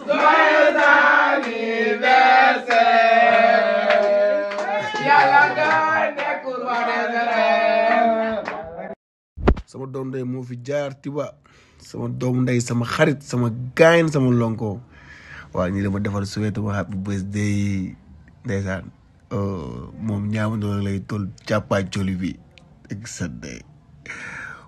Birth sama dom day mo fi jaar tiba sama dom day sama xarit sama gaayin sama lonko wa ñi dama defal defal souhaituma happy birthday ndaysan euh mom ñaamu do lay tol càppaa joli bi ak sa day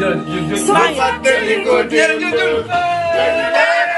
jël jël jël